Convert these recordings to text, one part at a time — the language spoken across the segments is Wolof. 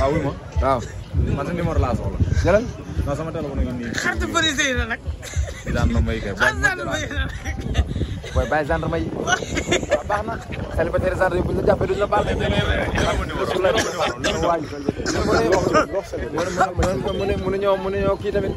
waaw wuy ma waaw. man sa numéro laa soxla. sama téléphone nga nii. xaritu policier anak. la nag. gendarmerie kay. xar gendarmerie la nag. booy bàyyi gendarmerie. waaw baax na. célibataire gendarmerie bu ñu la jàppee duñ la baal. mu ne ñoo mu ne ñoo kii tamit.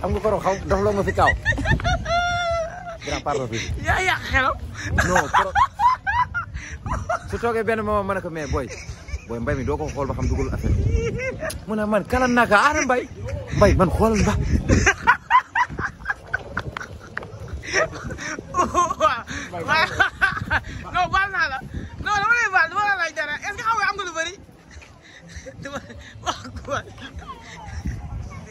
xam nga koro xaw dof loo nga fi kaaw. grand pardon bi. yaa yàq xelam. non koro su toogee benn moment ma ne ko mais booy booy mbay mi doo ko xool ba xam dugalul affaire mu ne man kala naka aana mbay mbay man xoolal mba. waaw non naa lay baal dama la laaj dara nga am nga lu bëri dama